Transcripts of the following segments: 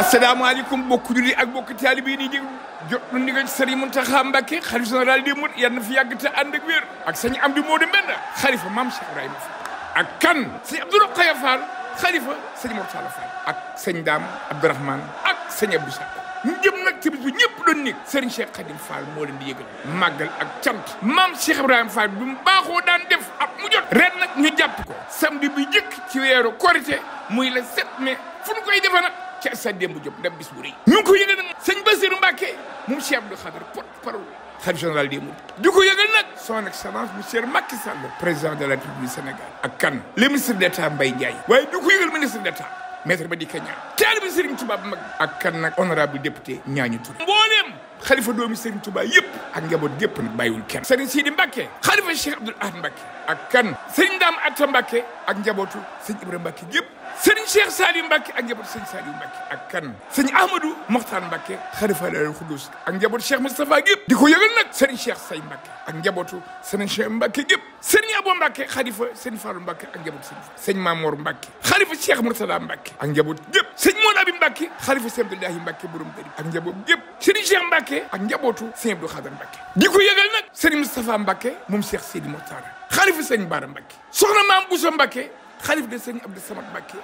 asalaamaaleykum bokku julli ak bokku taalibe yi di déglu jot nu ndigal sëriñ Muntaxa Mbàkke xalif général des mourides yal na fi yàgg te ànd ak wér ak sëñ Amdi Moodu Mbenda xalifa Maam Cheikh Ibrahima Fall ak kan sëñ Abdou Rokhaya Fall xalifa sëñ Mortala Fall ak sëñ Daam Abdourahmane ak sëñ Abdou Sakho ñu jëm nag ci bis bi ñëpp doon nekk sëriñ Cheikh Khadim Fall moo leen di yëgal màggal ak cant maam Cheikh Ibrahima Fall bi mu baaxoo daan def at mu jot ren nag ñu jàpp ko samedi bi jëkk ci weeru korité muy le 7 mai fu ñu koy defe nag ci Assane Demba Diop ndam bis bu rëy ñu ngi ko yëgal nag sëñ Bassirou Mbacké moom Cheikh Abdou Khadre porte-parole khalife général des mourides di ko yëgal nag son excellence monsieur Macky Sall président de la République du Sénégal ak kan le ministre d'État Mbaye Ndiaye waaye di ko yëgal ministre d'État maître Madické Niang taalibe Serigne Touba bu mag ak kan nag honorable député Ñaañu Touré mbooleem xalifa doomi Serigne Touba yëpp ak njaboot gépp nag bàyyiwul kenn Serigne Sidi Mbacké xalifa Cheikh Abdoul Ahad Mbacké ak kan Serigne Dame Atta Mbacké ak njabootu Serigne Ibrahima Mbacké yëpp sëriñ Cheikh Saliou Mbacke ak njabootu sëñ Saliou Mbacke ak kan sëñ Ahmadou Mokhtar Mbacke xalifa Daaru Xuddus ak njabootu Cheikh Moustapha gépp di ko yëgal nag sëriñ Cheikh Say Mbacke ak njabootu sëriñ Cheikh Mbacke gépp sëriñ Abo Mbacke xalifa sëñ Fallou Mbacke ak njabootu sëñ sëñ Mamour Mbacke xalifa Cheikh Mourtada Mbacke ak njabootu gépp sëñ Mawla bi Mbacke xalifa sëñ Abdoulahi Mbacke borom dari ak njaboot gépp sëriñ Cheikh Mbacke ak njabootu sëñ Abdou Khadar Mbacke di ko yëgal nag sëriñ Moustapha Mbacke moom Cheikh Sidi Mokhtar xalifa sëñ Bara Mbacke soxna maam Bousso Mbacke xalif de sëriñ Abdou Samad Mbacké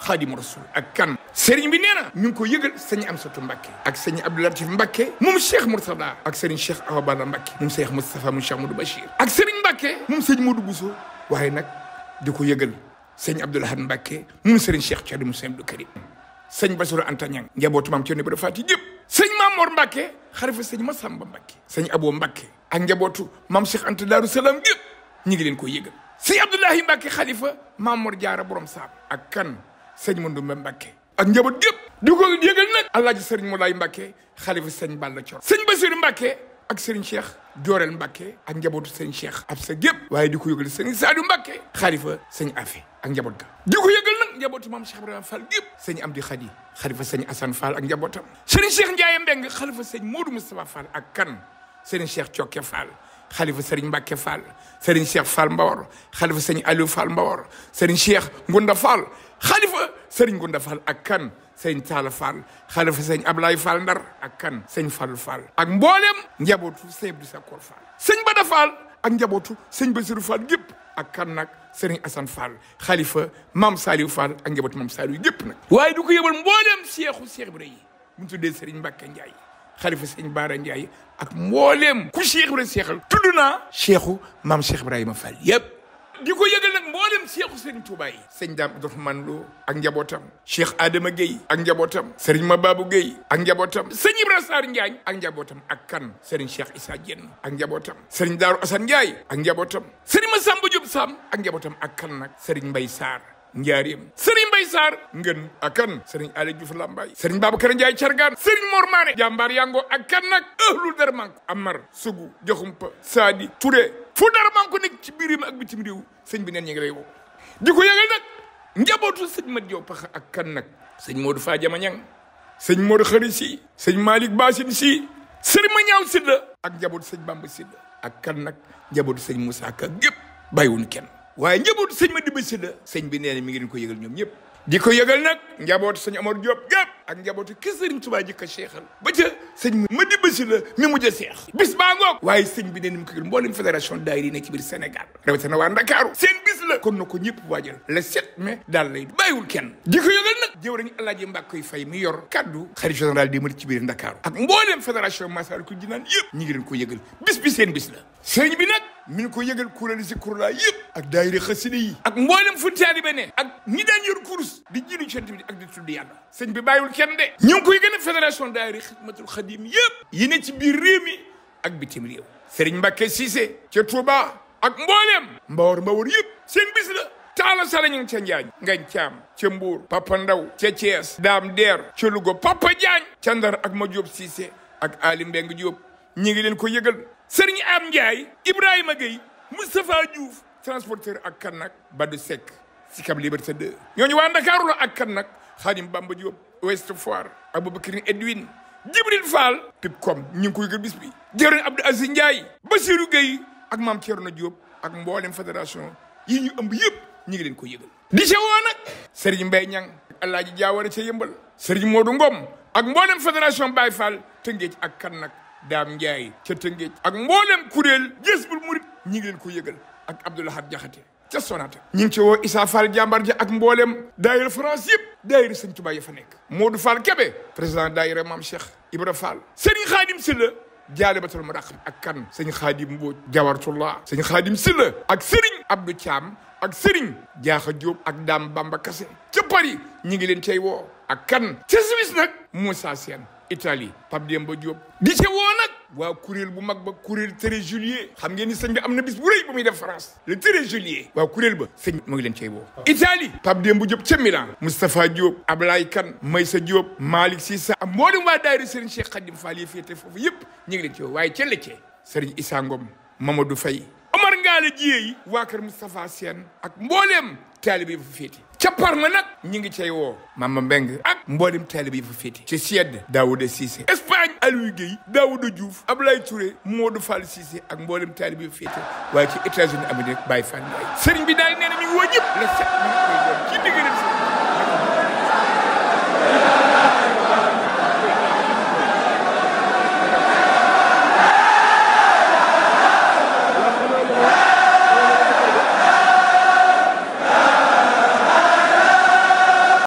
xaadimu rasul ak kan sëriñ bi nee ñu ngi ko yëgal sëriñ Amsatu Mbacké ak sëriñ Abdou Latif mbakke moom Cheikh Murtada ak sëriñ Cheikh Awa Balla Mbacké moom Cheikh Moustapha moom Cheikh Modou Bachir ak sëriñ Mbacké moom sëriñ Modou Bousso waaye nag di ko yëgal sëriñ Abdou Lahad Mbacké moom sëriñ Cheikh Thierno Moussa Abdou Karim sëriñ Bassirou Anta Niang njabootu maam Thierno Ibra Faty yëpp sëriñ Mamor Mbacké xarifa sëriñ Massamba Mbacké sëriñ Abo Mbacké ak njabootu mam Cheikh Anta Darou Salam yëpp ñu ngi leen ko yëgal si Abdoulahi Mbacke xalifa Mamour Diarra borom saam ak kan sëñ Mandoumbe Mbacke ak njaboot yëpp di ko yëgal nag alaaji sëriñ Moulay Mbacke xalifa sëñ Balla Coro sëñ Basiru Mbacke ak sëriñ Cheikh Jooreel Mbacke ak njabootu seen Cheikh ab sa gépp waaye di ko yëgal sëriñ Saadu Mbacke xalifa sëñ Afe ak njaboot njabootu maam Cheikh Ibrahima Fall gépp sëñ Amdi Xadi xalifa sëñ Assane Fall ak njabootam sëriñ Cheikh Ndiaye Mbeng xalifa sëñ Modou Moustapha Fall ak kan seen Cheikh Cokke Fall xalifa sëriñ Mbacke Fall sëriñ Cheikh Fall Mbawar xalifa sëriñ Aliou Fall Mbawar sëriñ Cheikh Ngunda Fall xalifa sëriñ Ngunda Fall ak kan sëriñ Talla Fall xalifa sëriñ Ablaye Fall Ndar ak kan sëriñ Fall Fall ak mboolem njabootu sëriñ Abdou Sakor Fall sëriñ Bada ak njabootu sëriñ Bassirou Fall gépp ak kan nag sëriñ Assane Fall xalifa maam Saliou Fall ak njabootu maam Saliou gépp nag waaye du ko yëbal mboolem Cheikhou Cheikh Ibrahima mu tuddee sëriñ Mbacke Ndiaye xalifa sëñ Baara Ndiaye ak mbooleem ku Cheikh Ibrahima seexal tudd naa cheikhu maam Cheikh Ibrahima Fall yëpp di ko yëgal nag mboolem seexu sëñ Touba yi sëñ Dame Abdourahmane Lo ak njabootam Cheikh Adama Guèye ak njabootam sëriñ Mababou Guèye ak njabootam sëñ Ibrahima Sarr Ndiagne ak njabootam ak kan sëriñ Cheikh Issa Diène ak njabootam sëriñ Daaru Assane Ndiaye ak njabootam sëriñ Massamba Sam ak njabootam ak kan nag sëriñ Mbaye saar njaareem sëriñ Mbay Saar ngën akan sëriñ Ali Diouf Lambaay sëriñ Babacar Njaay cargaan sëriñ Mor Maane jàmbaar yango akan nag ëhlul dara manko Amar Sugu Joxumpa Saadi Touré fu dara manko nekk ci biirim ak bitim réew sëñ bi neen ñu ngi lay woo di ko yëgal nag njabootu sëñ Mat Jow Paxa ak kan nag sëñ Moodu Fadiama Ñang sëñ Moodu Xari Si sëñ Malick Basin Si sëriñ ma ñaaw sidda ak njabootu sëñ Bamba sidda ak kan nag njabootu sëñ Moussa Ka gépp bàyyiwuñu kenn waaye njabootu sëñ ma dibba si la sëñ bi nee na mi ko yëgal ñoom ñëpp di ko yëgal nag njabootu sëñ Omar Diop gépp ak njabootu ki sëriñ Tuubaa jëkka ba ca sëñ ma si a waaye sëñ bi nee na mi ko yëgal mboolem fédération daayira yi nekk ci biir Sénégal rawatina waa Ndakaaru seen bis la kon na ko ñëpp waajal le 7 mai daal lay bàyyiwul kenn di ko yëgal nag jëw nañu Alaaji Mbàkke Fay mi yor kaddu xarit général di mari ci biir Ndakaaru ak mboolem fédération Massalikul Jinaan yëpp ñi ngi leen ko yëgal bis mi ngi ko yëgal kuréel yi si kurlaa yëpp ak daayira xasida ak mboolem fu taalibe ne ak ñi daan kurus di jiidu cant ak di tudd yàlla sëñ bi bàyyiwul kenn de ñu ngi koy gën a fédération daayira xidmatul xadim yëpp yi ne ci biir réew mi ak bitim réew Serigne Mbacké Cissé ca Touba ak mboolem mbawar mbawar yëpp seen bis la taala sala ñu ngi ca njaañ ngañ caam ca mbuur papa ndaw ca Thiès daam deer ca Louga papa jaañ ca Ndar ak ma Jóob Cissé ak Ali Mbeng Jóob ñi ngi leen ko yëgal Serigne Am Ndiaye Ibrahima Gueye Moustapha Diouf transporteur ak kan nag Badou Seck Sicap Liberté 2 ñooñu waa Ndakaaru la ak kan nag Khadim Bamba Diop Ouest Foire Aboubacrine Edwin Djibril Fall Pipcom ñu ngi koy gër bis bi jëriñ Abdou Aziz Ndiaye Bassirou Gueye ak Mame Thierno Diop ak mboolem fédération yi ñu ëmb yëpp ñu ngi leen ko yëgal di ca woo nag Serigne Mbaye Niang Alaaji Diawara ca yëmbal Serigne Modou Ngom ak mboolem fédération Baye Fall tëngeej ak kan nag daam Ndiaye ca Tëngéej ak mboolem kuréel Jazbul Murid ñi ngi leen ko yëgal ak Abdoulahad Jaxate ca Sonata ñi ngi ci woo Issa Fall jàmbar ak mboolem daayira France yëpp daayira Sëñ Tuubaa ya fa nekk Modou Fall président daayira mam Cheikh Ibra Fall Serigne Khadim Sylla jaale batal mu raq ak kan sëñ Xaadim Mbooj Jawartullah sëñ Xaadim Sylla ak Serigne Abdou Thiam ak Serigne Jaaxa Diop ak Dame Bamba Kassé ca Paris ñi ngi leen cay woo ak kan ca Suisse nag Moussa Sène Italie Pape Demba Diop di ca woo nag waa kuréel bu mag ba kuréel téré juillet xam ngeen ni sëñ bi am na bis bu rëy bu muy def France le téré juillet waa kuréel ba sëñ bi mu ngi leen cay woo Italie Pape Demba Diop ca Milan Moustapha Diop Ablaye Kane Maysa Diop Malick Cissé ak mboolem waa daayira Serigne Cheikh Khadim fa yi féete foofu yëpp ñu ngi leen cay woo waaye ca lecce Serigne Issa Ngom Mamadou Faye Omar Ngale Dieye waa kër Moustapha Sène ak mbooleem taalibe bu féete ca ma nag ñi ngi cay woo Mama Mbeng ak mboolem taalibe yi fa féete ci Sied Daouda Cissé Espagne Aliou Guèye juuf Diouf Ablaye Touré Modou Fall Cissé ak mboolem taalibe yi fa waaye ci États-Unis Amérique Baye Fall Ndiaye sëriñ bi daal nee na mi la set mi ngi koy